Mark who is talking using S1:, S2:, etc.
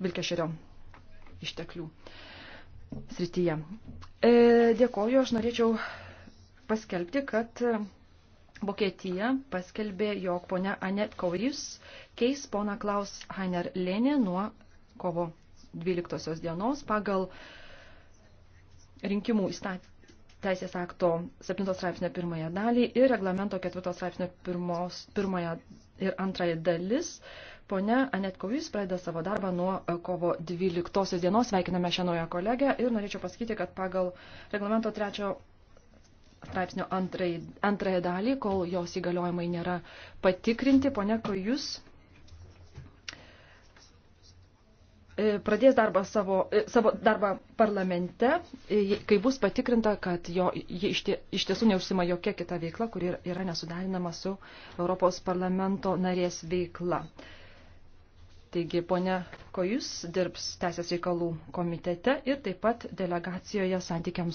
S1: Vilkešerio išteklių srityje. E, dėkoju, aš norėčiau paskelbti, kad Vokietija paskelbė, jog ponia Anet Kaurius keis pona Klaus Heiner Lenė nuo kovo 12 dienos pagal rinkimų įstatymą teisės akto 7 straipsnio pirmąją dalį ir reglamento 4 straipsnio pirmos, pirmąją ir antrąją dalis. Pone Anetkovis pradeda savo darbą nuo e, kovo 12 dienos. Sveikiname šią naują kolegę ir norėčiau pasakyti, kad pagal reglamento 3 straipsnio antrąją dalį, kol jos įgaliojimai nėra patikrinti, pone Kojus E, pradės darbą savo, e, savo darbą parlamente, e, kai bus patikrinta, kad jo, ji iš, tie, iš tiesų neužsima jokia kita veikla, kuri yra nesudarinama su Europos parlamento narės veikla. Taigi, ponia Kojus dirbs Teisės reikalų komitete ir taip pat delegacijoje santykiams